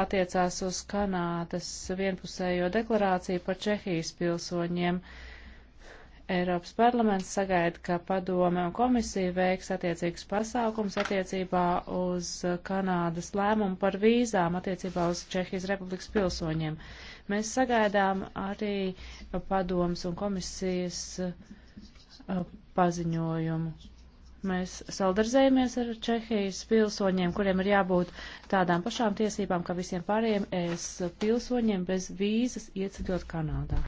attiecās uz Kanādas vienpusējo deklarāciju par Čehijas pilsoņiem. Eiropas parlaments sagaida, ka padome un komisija veiks attiecīgus pasākums attiecībā uz Kanādas lēmumu par vīzām attiecībā uz Čehijas republikas pilsoņiem. Mēs sagaidām arī padomas un komisijas uh, paziņojumu. Mēs saldarzējamies ar Čehijas pilsoņiem, kuriem ir jābūt tādām pašām tiesībām, kā visiem pārējiem ES pilsoņiem bez vīzas ieceļot Kanādā.